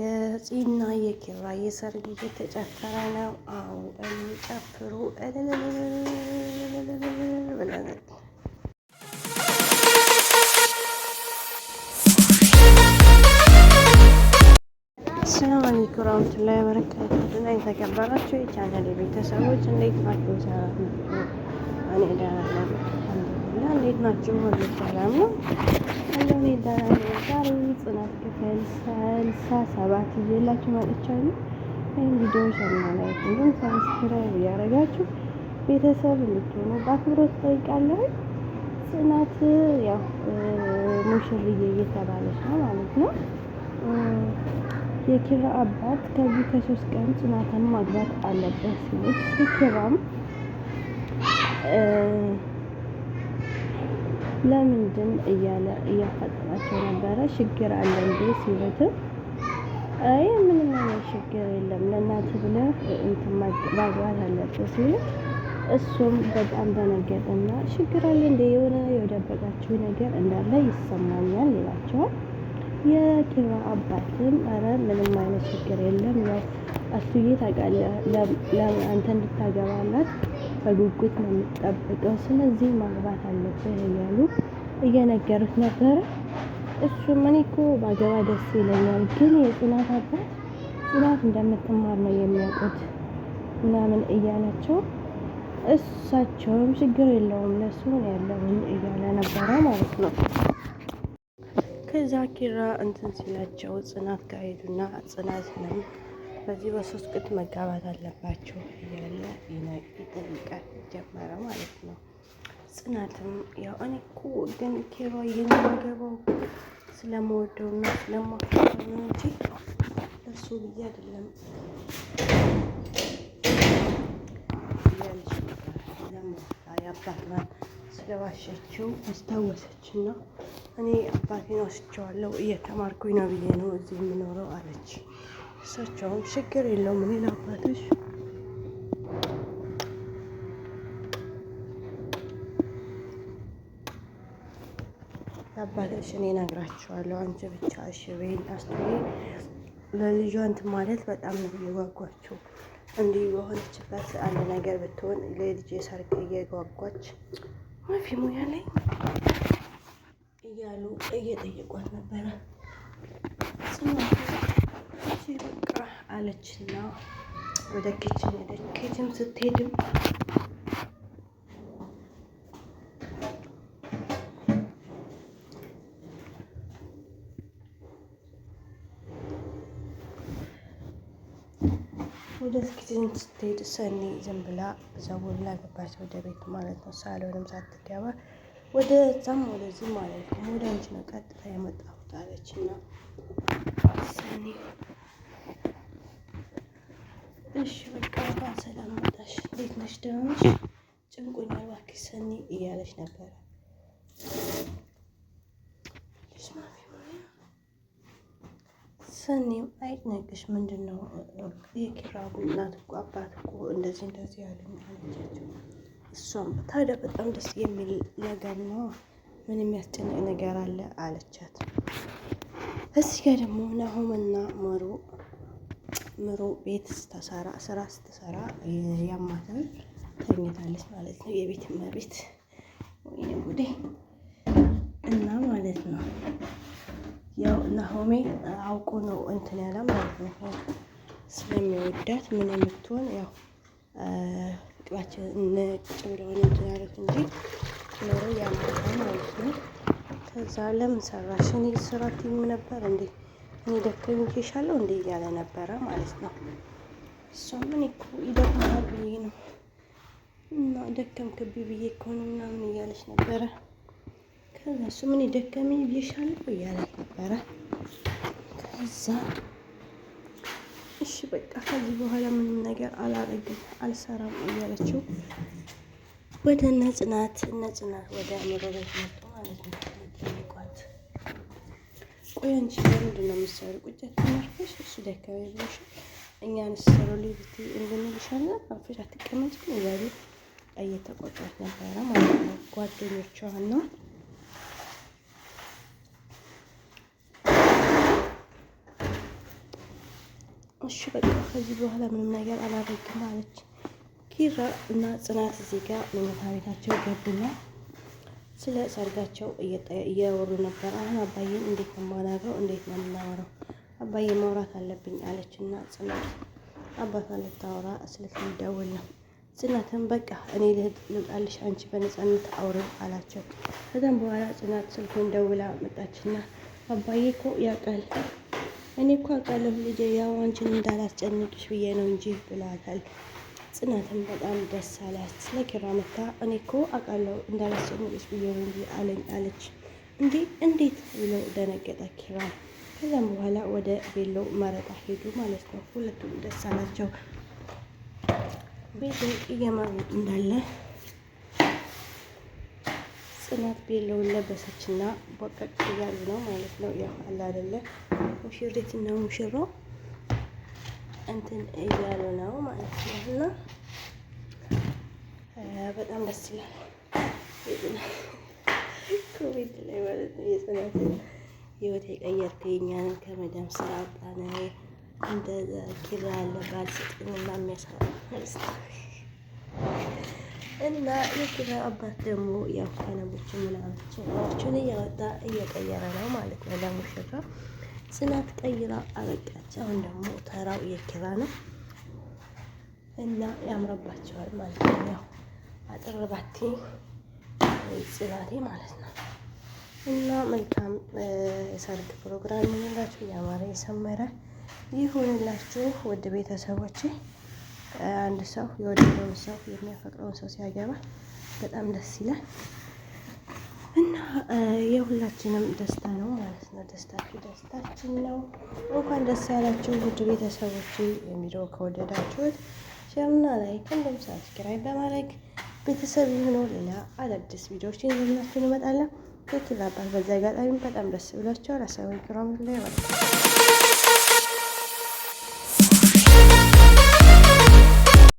የፂና የኪራ የሰርግ እየተጨፈረ ነው። አዎ የሚጨፍሩ ሰላም አለይኩም ወራህመቱላሂ ወበረካቱህ እና የተከበራችሁ የቻናል ቤተሰቦች እንዴት ናችሁ? ሰላም እኔ ደህና ነኝ። እንዴት ናችሁ? ሁሉ ሰላም ነው? እንደኔ ደህና ጽናት ክፍል ስልሳ ሰባት ይዤላችሁ መጥቻለሁ። ይህን ቪዲዮ ሸና እንዲሁም ሰብስክራይብ እያደረጋችሁ ቤተሰብ እንድትሆኑ በአክብሮት ጠይቃለሁ። ጽናት ያው ሙሽርዬ እየተባለች ነው ማለት ነው። የኪራ አባት ከዚህ ከሶስት ቀን ጽናትን ማግባት አለበት ሲሉት ኪራም ለምንድን እያለ እያፋጠናቸው ነበረ። ችግር አለ እንዴ ሲሉትም አይ ምንም አይነት ችግር የለም ለእናት ብለህ እንትን ማግባት አለብህ ሲሉት እሱም በጣም ደነገጠና ችግር አለ እንደ የሆነ የደበቃችሁ ነገር እንዳለ ይሰማኛል ይላቸዋል። የኪራ አባትም ረ ምንም አይነት ችግር የለም ያው እሱዬ ታውቃለህ አንተ እንድታገባላት በጉጉት ነው የሚጠብቀው፣ ስለዚህ ማግባት አለብህ እያሉ እየነገሩት ነበረ። እሱም እኔ እኮ ባገባ ደስ ይለኛል፣ ግን የጽናት አባት ጽናት እንደምትማር ነው የሚያውቁት ምናምን እያላቸው እሳቸውም ችግር የለውም ለሱ ያለውን እያለ ነበረ ማለት ነው። ከዛ ኪራ እንትን ሲላቸው ጽናት ጋር ሄዱና ጽናት ነው በዚህ በሶስት ቅድ መጋባት አለባቸው እያለ ይጠይቃል ጀመረ ማለት ነው። ጽናትም ያው እኔ እኮ ግን ኬሮ የሚያገባው ስለመወደውና ስለማፈቀው ነው እንጂ ለሱ ብዬ አይደለም አባቷን ስለዋሸችው አስታወሰችና እኔ አባቴን ወስቸዋለሁ እየተማርኩኝ ነው ብዬ ነው እዚህ የምኖረው አለች። እሳቸውም ችግር የለውም ምን ላባትሽ አባቶች እኔ ነግራቸዋለሁ። አንቺ ብቻ እሺ በይኝ አስተውዬ ለልጇ እንትን ማለት በጣም ነው እየጓጓችው። እንዲህ በሆነችበት አንድ ነገር ብትሆን ለልጅ ሰርግ እየጓጓች ማፊ ሙያ ላይ እያሉ እየጠየቋት ነበረ። አለችና ወደ ኬችን ሄደች። ኬችም ስትሄድም ወደ ኪችን ስትሄድ ሰኒ ዝም ብላ ዘውላ ገባች ወደ ቤት ማለት ነው። ሳሎንም ሳትገባ ወደ እዛም ወደዚህ ማለት ነው። ወደ አንቺ ነው ቀጥታ የመጣሁት አለችና ሰኒ እሺ በቃ እንኳን ሰላም መጣሽ፣ እንዴት ነሽ? ደህና ነሽ? ጭንቆኛል እባክሽ ሰኒ እያለች ነበረ። ሰኒም አይጨነቅሽ፣ ምንድን ነው የኪራ እናት እኮ አባት እኮ እንደዚህ እንደዚህ ያሉኝ አለቻቸው። እሷም ታዲያ በጣም ደስ የሚል ነገር ነው፣ ምን የሚያስጨንቅ ነገር አለ አለቻት። እዚህ ጋር ደግሞ ናሆምና መሩ ምሮ ቤት ስተሰራ ስራ ስትሰራ ያማታል ተኝታለች ማለት ነው። የቤት መቤት ወይ ጉዴ! እና ማለት ነው ያው ናሆሜ አውቆ ነው እንትን ያለ ማለት ነው ስለሚወዳት ምን የምትሆን ያው ጥባችን ነጭ ብለውን እንትን ያሉት እንጂ ኖሮ ያማታል ማለት ነው። ከዛ ለምን ሰራሽ? እኔ ስራት ምን ነበር እንዴ? እኔ ደክሞሻለሁ እንዴ እያለ ነበረ ማለት ነው። እሷም ምን እኮ ይደክማል ብዬ ነው እና ደከምክብኝ ብዬ እኮ ነው ምናምን እያለች ነበረ። ከዛ እሱ ምን ይደከም ብዬሻለሁ እያለች ነበረ። ከዛ እሺ በቃ ከዚህ በኋላ ምንም ነገር አላረግም አልሰራም እያለችው ወደ እነ ጽናት እነ ጽናት ወደ ምሮ መጡ ማለት ነው። ቆይ አንቺ ለምንድን ነው የምትሰሩ? ቁጭት ትመርፈሽ እሱ ደካማ ብሎሻል። እኛ ንስሰሩ ሊብቲ እንድንልሻለ አፍሽ አትቀመጭ እያሉ እየተቆጧት ነበረ ማለት ነው ጓደኞቿን ነው እሺ በቃ ከዚህ በኋላ ምንም ነገር አላደርግም አለች ኪራ እና ጽናት እዚህ ጋር መኝታ ቤታቸው ገብና ስለ ሰርጋቸው እያወሩ ነበር። አሁን አባዬን እንዴት ነው የማናግረው? እንዴት ነው የምናወራው? አባዬ ማውራት አለብኝ አለችና ጽናት አባቷ ልታወራ ስለትደውል ነው። ጽናትን በቃ እኔ ልህድ ልምጣልሽ፣ አንቺ በነፃነት አውሪው አላቸው። ከዛም በኋላ ጽናት ስልኩን ደውላ መጣችና አባዬ እኮ ያውቃል፣ እኔ እኮ አውቃለሁ ልጄ፣ ያው አንቺን እንዳላስጨንቅሽ ብዬ ነው እንጂ ብለዋታል። ጽናትም በጣም ደስ አላት። ለኪራ መታ እኔ እኮ አውቃለሁ እንዳላስጨነቀች ብዬ እንጂ አለኝ አለች። እንዴ እንዴት ብሎ ደነገጠ ኪራ። ከዚም በኋላ ወደ ቤሎ መረጣ ሄዱ ማለት ነው። ሁለቱም ደስ አላቸው። ቤሎ እየማሩ እንዳለ ጽናት ቤሎውን ለበሰችና በቀቅ እያሉ ነው ማለት ነው። ያው አለ አይደለ ሙሽሪትና ሙሽራው እንትን እያሉ ነው ማለት ነው። እና በጣም ደስ ይላል። ኮቪድ ላይ ማለት ነው የጽናት ህይወት የቀየርከኛን ከመዳም ስራ አጣነ እንደ ኪራ ያለ ባል ስጥኝና የሚያሳራ እና የኪራ አባት ደግሞ ያው ከነቦችን ምናምናቸውን እያወጣ እየቀየረ ነው ማለት ነው ለሙሽራ ጽናት ቀይራ አበቃች። አሁን ደግሞ ተራው የኪራ ነው እና ያምረባቸዋል ማለት ነው። ያው አጥርባቴ ባቴ ጽናቴ ማለት ነው። እና መልካም የሰርግ ፕሮግራም ይሁንላችሁ። ያማረ የሰመረ ይሁንላችሁ ውድ ቤተሰቦች። አንድ ሰው የወደደውን ሰው የሚያፈቅረውን ሰው ሲያገባ በጣም ደስ ይላል። የሁላችንም ደስታ ነው ማለት ነው። ደስታችሁ ደስታችን ነው። እንኳን ደስ ያላችሁ ውድ ቤተሰቦች። የሚለው ከወደዳችሁት ሸርና ላይክ እንዲሁም ሳብስክራይብ በማድረግ ቤተሰብ የሆነው ሌላ አዳዲስ ቪዲዮዎች ይዘንላችሁ እንመጣለን። ትክክል አባት በዚህ አጋጣሚ በጣም ደስ ብሏቸዋል። አሳዊ ክራም ላይ ማለት ነው